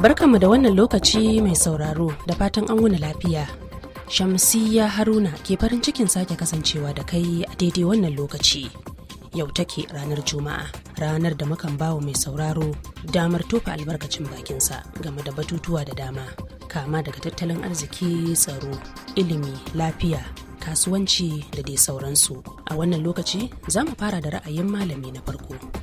Barkanmu da wannan lokaci mai sauraro da fatan an wuni lafiya. Shamsiyya Haruna ke farin cikin sake kasancewa da kai a daidai wannan lokaci. Yau take ranar Juma'a, ranar da mukan bawa mai sauraro damar tofa albarkacin bakinsa game da batutuwa da dama, kama daga tattalin arziki, tsaro, ilimi, lafiya, kasuwanci da dai sauransu. A wannan lokaci za mu fara da ra'ayin malami na farko.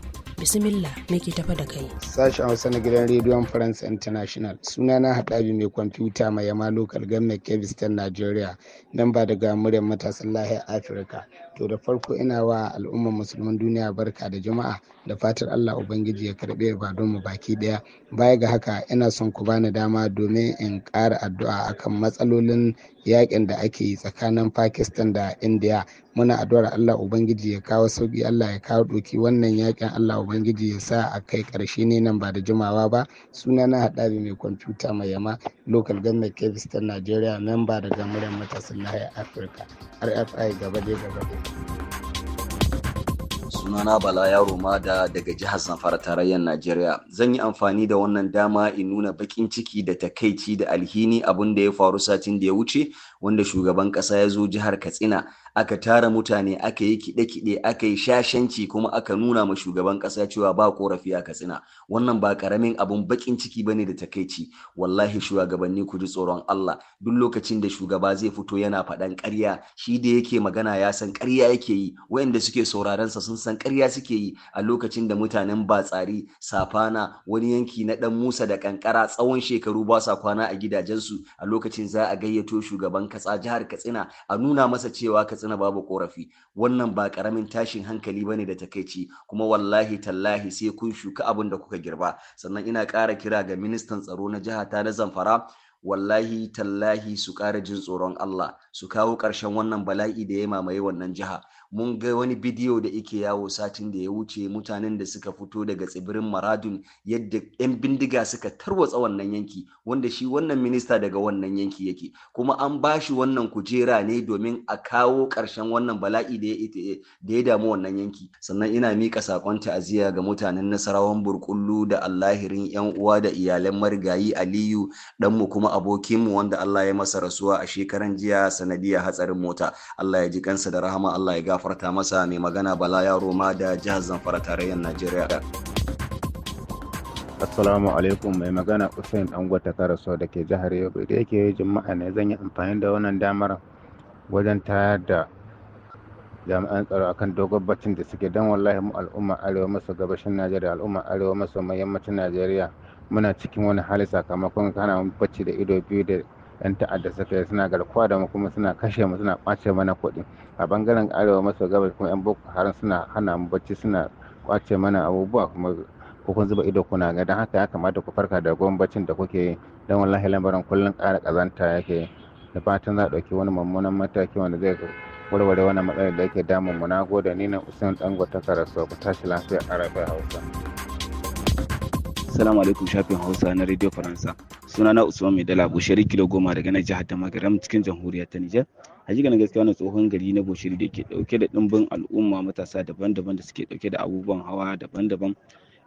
Bismillah me ke tafa da kai. Sashen Hausa na gidan rediyon France International. Suna na haɗabi mai kwamfuta mai yama lokal gwamnan kebistan nigeria Nan ba daga muryar matasan lahiyar Afirka. To da farko ina wa al'ummar musulman duniya barka da jama'a da fatar Allah Ubangiji ya karɓe don mu baki ɗaya. Baya ga haka ina son ku bani dama domin in ƙara addu'a akan matsalolin yakin da ake yi tsakanin Pakistan da India. Muna addu'ar Allah Ubangiji ya kawo sauki Allah ya kawo doki wannan yakin Allah ubangiji ya sa a kai karshe ne nan ba da jimawa ba suna na haɗari mai kwamfuta mai yama local government kebis ta nigeria memba daga muryar matasan nahiyar afirka rfi gaba dai gaba suna sunana bala yaro da daga jihar zamfara tarayyar najeriya zan yi amfani da wannan dama in nuna bakin ciki da takaici da alhini abin da ya faru satin da ya wuce wanda shugaban kasa ya zo jihar katsina aka tara mutane aka yi kiɗe-kiɗe aka yi shashanci kuma aka nuna ma shugaban ƙasa cewa ba korafi a katsina wannan ba karamin abun baƙin ciki ba ne da takaici wallahi shugabanni ku ji tsoron Allah duk lokacin da shugaba zai fito yana faɗan ƙarya shi da yake magana ya san ƙarya yake yi wayanda suke sauraron sa sun san ƙarya suke yi a lokacin da mutanen ba tsari safana wani yanki na ɗan Musa da kankara tsawon shekaru ba sa kwana a gidajensu a lokacin za a gayyato shugaban kasa jihar Katsina a nuna masa cewa Katsina na babu korafi wannan ba karamin tashin hankali bane da takaici kuma wallahi tallahi sai kun shuka abin da kuka girba sannan ina ƙara kira ga ministan tsaro na jiha ta na zamfara wallahi tallahi su ƙara jin tsoron Allah su kawo ƙarshen wannan bala'i da ya mamaye wannan jiha mun ga wani bidiyo da ike yawo satin da ya wuce mutanen da suka fito daga tsibirin maradun yadda 'yan bindiga suka tarwatsa wannan yanki wanda shi wannan minista daga wannan yanki yake kuma an ba shi wannan kujera ne domin a kawo ƙarshen wannan bala'i da ya damu wannan yanki sannan ina miƙa saƙon ta'aziyya ga mutanen nasarawan burkullu da allahirin 'yan uwa da iyalan marigayi aliyu ɗanmu kuma abokinmu wanda allah ya masa rasuwa a shekaran jiya sanadiyar hatsarin mota allah ya ji kansa da rahama allah ya gafa farta masa mai magana bala yaro ma da jihar zamfara tarayyar najeriya Assalamu alaikum mai magana Usain Dangwata Karaso da ke jihar Yobe da yake juma'a ne zan yi amfani da wannan damar wajen tayar da jami'an tsaro akan dogon batun da suke dan wallahi mu al'umma arewa maso gabashin Najeriya al'umma arewa maso yammacin Najeriya muna cikin wani hali sakamakon kana bacci da ido biyu da 'yan ta'adda suka yi suna garkuwa da mu kuma suna kashe mu suna kwace mana kuɗi a bangaren arewa maso gabas kuma 'yan boko haram suna hana mu bacci suna kwace mana abubuwa kuma ko kun zuba ido kuna ga dan haka ya kamata ku farka da gwamnatin da kuke don wallahi lamarin kullun ƙara kazanta yake da fatan za a ɗauki wani mummunan mataki wanda zai warware wani matsalar da yake damun mu na gode ni na usman dangote ta karasu ku tashi lafiya arabiya hausa Assalamu alaikum shafin Hausa na Radio Faransa. Suna na Usman Mai Dala Bushari kilo goma daga nan jihar Damagaram cikin jamhuriyar ta Nijar. Hakikanin gaskiya wani tsohon gari na Bushari da ke dauke da dimbin al'umma matasa daban-daban da suke dauke da abubuwan hawa daban-daban.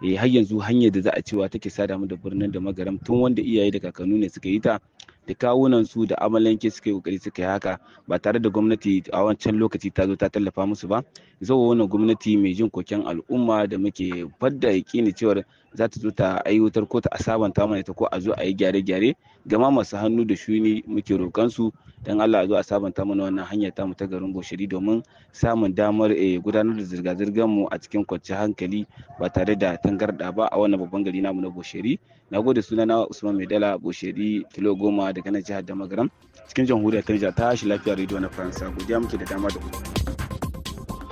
Eh har yanzu hanyar da za a cewa take sada mu da birnin da magaram tun wanda iyaye da kakanni ne suka yi ta da kawunan su da amalanke suka yi kokari suka yi haka ba tare da gwamnati a wancan lokaci ta zo ta tallafa musu ba. Zuwa wannan gwamnati mai jin koken al'umma da muke fadda yaƙini cewar za ta zo ta aiwatar ko ta asabanta mana ita ko a zo a yi gyare-gyare gama masu hannu da shuni muke roƙon su don Allah a zo a sabanta mana wannan hanya ta mu ta garin Bosheri domin samun damar eh, gudanar da zirga-zirgar mu a cikin kwanciyar hankali ba tare da tangarda ba a wannan babban gari namu na Bosheri na gode suna na Usman Maidala Bosheri kilo goma daga nan jihar Damagaram cikin jamhuriyar Niger ta shi lafiya rediyo na Faransa godiya muke da dama da ku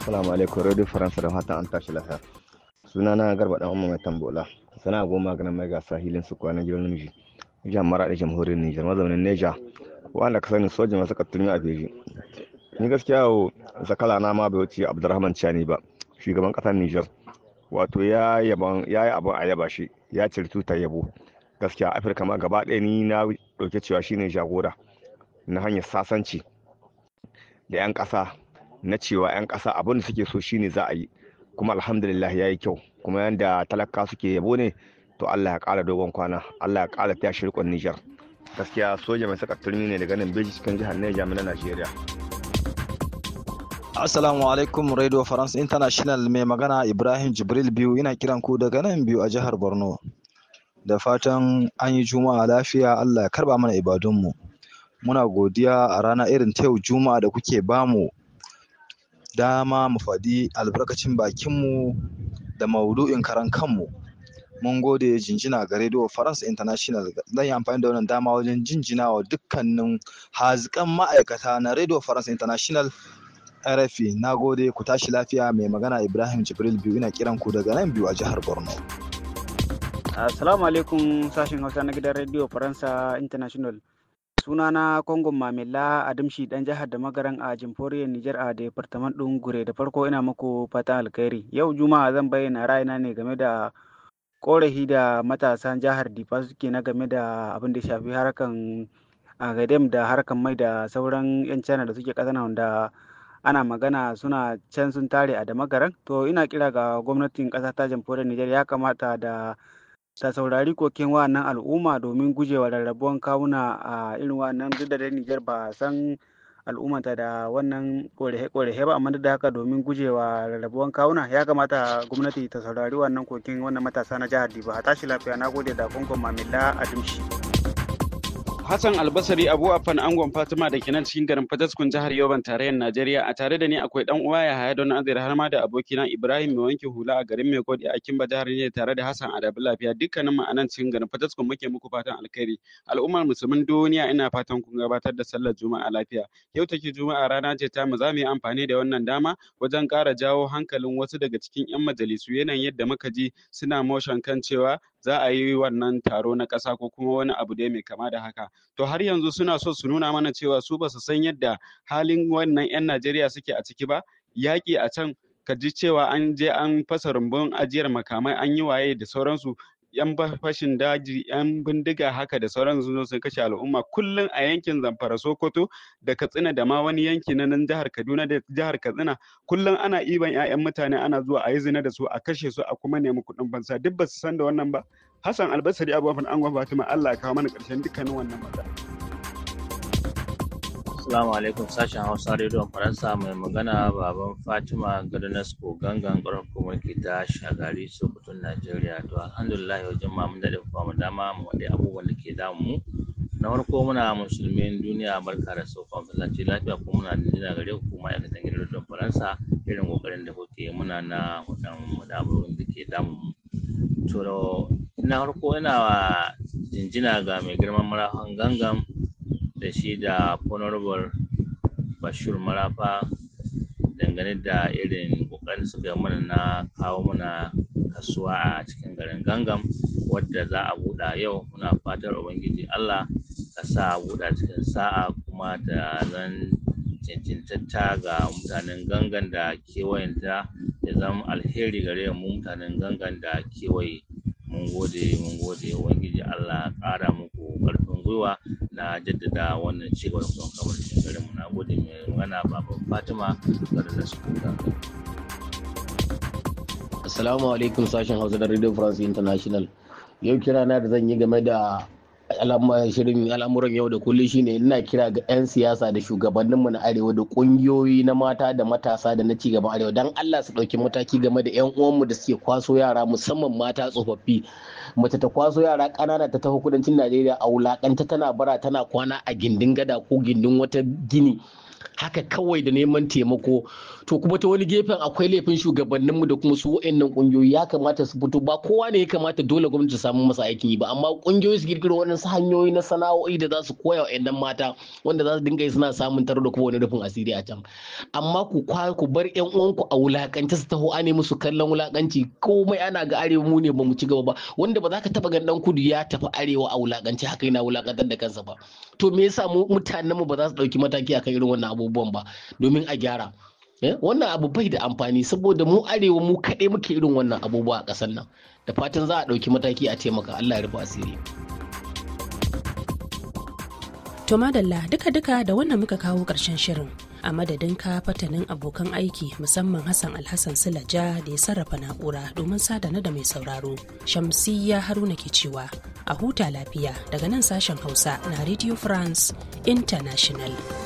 Assalamu alaikum Radio Faransa da fatan an tashi lafiya na garba dan umma mai tambola sana goma ganin mai gasa hilin su kwanan gidan namiji jihar mara da jamhuriyar nijar mazaunin neja wanda ka sani sojin masu katuni a beji ni gaskiya wo zakala na ma bai wuce abdurrahman chani ba shugaban kasar nijar wato ya yi abin ayaba shi ya ciri tutar yabo gaskiya afirka ma gaba ɗaya ni na ɗauke cewa shine jagora na hanyar sasanci da 'yan ƙasa na cewa 'yan ƙasa abin da suke so shi ne za a yi kuma alhamdulillah ya yi kyau kuma yadda talaka suke yabo ne to Allah ya kara dogon kwana Allah ya kara ta shirkon Nijar gaskiya soja mai saka turmi ne daga nan beji cikin jihar Niger na Najeriya Assalamu alaikum Radio France International mai magana Ibrahim Jibril biyu ina kiran ku daga nan biyu a jihar Borno da fatan an yi juma'a lafiya Allah ya karba mana ibadunmu muna godiya a rana irin ta yau juma'a da kuke bamu dama mu faɗi albarkacin bakinmu da maudu'in karan kanmu. Mun gode jinjina ga Radio France International. Zan yi amfani da wannan dama wajen jinjina wa dukkanin hazikan ma'aikata na Radio France International RFI. Na gode ku tashi lafiya mai magana Ibrahim Jibril biyu ina kiran ku daga nan biyu a jihar Borno. Assalamu alaikum sashen Hausa na gidan Radio Faransa International. sunana kongon mamila adamshi dan jihar da magaran a jimforiyar nijar a departaman ɗin gure da farko ina muku fatan alkhairi yau juma'a zan bayyana ra'ayina ne game da korafi da matasan jihar difa suke na game da abin da shafi harkan agadem da harkan mai da sauran yan cana da suke ƙasar wanda ana magana suna can sun tare a da magaran to ina kira ga gwamnatin ƙasa ta jamhuriyar nijar ya kamata da ta saurari kokin wa'annan al'umma domin gujewa rarrabuwan kawuna a irin wa'annan duk da Nijar ba san al'ummata da wannan ƙorafe-ƙorafe ba amma da haka domin gujewa rarrabuwan kawuna ya kamata gwamnati ta saurari wannan kokin wannan matasa na jihar Diba a shi lafiya na gode da kunkun mamilla a dimshi. Hassan Albasari Abu Affan Angon Fatima da kenan cikin garin Fataskun jihar Yoruba tarayyar Najeriya a tare da ni akwai dan uwa ya haya don azir har ma da abokina Ibrahim mai wanke hula a garin Maikodi a Kimba jihar ne tare da Hassan Adabu Lafiya dukkanin mu a nan cikin garin Fataskun muke muku fatan alkhairi al'ummar musulmin duniya ina fatan kun gabatar da sallar juma'a lafiya yau take juma'a rana ce ta mu zamu yi amfani da wannan dama wajen ƙara jawo hankalin wasu daga cikin 'yan majalisu yanayin yadda muka ji suna motion kan cewa za a yi wannan taro na ƙasa ko kuma wani abu dai mai kama da haka to har yanzu suna so su nuna mana cewa su basu san yadda halin wannan 'yan Najeriya suke a ciki ba Yaki a can ka ji cewa an je an fasa rumbun ajiyar makamai an yi waye da sauransu yan fashin daji yan bindiga haka da sauran sun sun kashe al'umma kullum a yankin zamfara sokoto da katsina da ma wani yanki na nan jihar kaduna da jihar katsina kullum ana iban 'ya'yan mutane ana zuwa a yi zina da su a kashe su a kuma nemi kuɗin fansa duk ba su san da wannan ba hassan albasari abubakar angon fatima allah ya kawo mana ƙarshen dukkanin wannan matsala Assalamu alaikum sashen Hausa rediyon Faransa mai magana baban Fatima Garnasco gangan ƙwarar mulki ta shagari Sokoton Najeriya. To alhamdulillah yau jama'a mun daɗe kuma dama mu waɗe abubuwan da ke damu Na farko muna musulmin duniya barka da sauƙon kasance lafiya kuma muna da gare ku kuma aikatan gidan rediyon Faransa irin ƙoƙarin da kuke muna na waɗannan dabarun da ke damu mu. To na farko ina jinjina ga mai girman marafan gangan da shi da honorable Bashir Marafa dangane da irin ƙoƙarin suka yi mana na kawo mana kasuwa a cikin garin gangan, wadda za a buɗa yau muna fatar Ubangiji Allah ka sa a buɗa cikin sa'a kuma ta zan cancantatta ga mutanen gangan da kewayenta ya zama alheri gare mu mutanen gangan da kewaye mun gode mun gode Ubangiji Allah ƙara muku ƙarfin gwiwa na jaddada wannan cigaba da kusan kamar garinmu na gode mai magana baban fatima garin da suka Assalamu alaikum sashen Hausa da Radio France International. Yau kira na da zan yi game da al'amuran yau da kullum shine ina kira ga 'yan siyasa da shugabannin mu na arewa da kungiyoyi na mata da matasa da na cigaban arewa don allah su ɗauki mataki game da 'yan uwanmu da suke kwaso yara musamman mata tsofaffi mace ta kwaso yara ƙanana ta tafi kudancin najeriya a wulaƙanta tana bara tana kwana a gindin gada ko gindin wata gini haka kawai da neman taimako to kuma ta wani gefen akwai laifin shugabanninmu da kuma su wa'annan kungiyoyi ya kamata su fito ba kowa ne ya kamata dole gwamnati ta samu masa aikin yi ba amma kungiyoyi su girgiro su hanyoyi na sana'o'i da za su koya wa ƴan mata wanda za su dinga yi suna samun taro da kuma wani rufin asiri a can amma ku ku bar ƴan uwanku a wulaƙance su taho ane musu kallon wulakanci komai ana ga arewa mu ne ba mu ci gaba ba wanda ba za ka taba ganin kudu ya tafi arewa a wulaƙance, haka yana wulakantar da kansa ba to me yasa mutanenmu ba za su dauki mataki akan irin wannan abubuwan ba domin a gyara eh, wannan abu bai da amfani saboda mu arewa mu kaɗai muke irin wannan abubuwa a ƙasar nan da fatan za a ɗauki mataki a taimaka allah ya rufe asiri to madalla duka-duka da wannan muka kawo ƙarshen shirin a madadin ka fatanin abokan aiki musamman hassan alhassan silaja da ya sarrafa na'ura domin sadana da mai sauraro shamsiyya haruna ke cewa a huta lafiya daga nan sashen hausa na radio france international